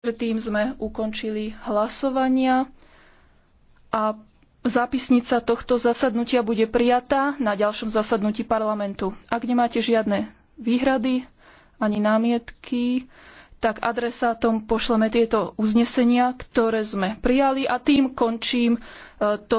Tým sme ukončili hlasovania a zápisnica tohto zasadnutia bude prijatá na ďalšom zasadnutí parlamentu. Ak nemáte žiadne výhrady ani námietky, tak adresátom pošleme tieto uznesenia, ktoré sme prijali a tým končím toto. E,